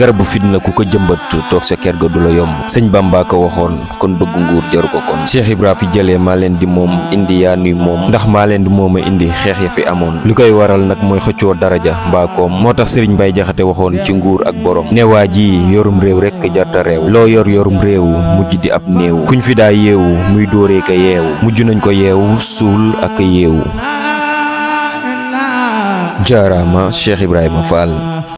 garabu fitna ku ko jëmbat toog sa kër ga du la yomb sëñ Bamba ko waxoon kon bëgg nguur jaru ko kon Cheikh Ibra fi jëlee maa leen di moom indi yaa nuy moom ndax maa leen di moom a indi xeex ya fi amoon li koy waral nag mooy xëccoo daraja mbaa koom moo tax sëriñ Mbay Jaxate waxoon ci nguur ak borom waa ji yorum réew rekk jarta réew loo yor yorum réew mujj di ab néew kuñ fi daa yeewu muy dóoree ko yeewu mujj nañ ko yeew suul ak yeewu jaaraama Cheikh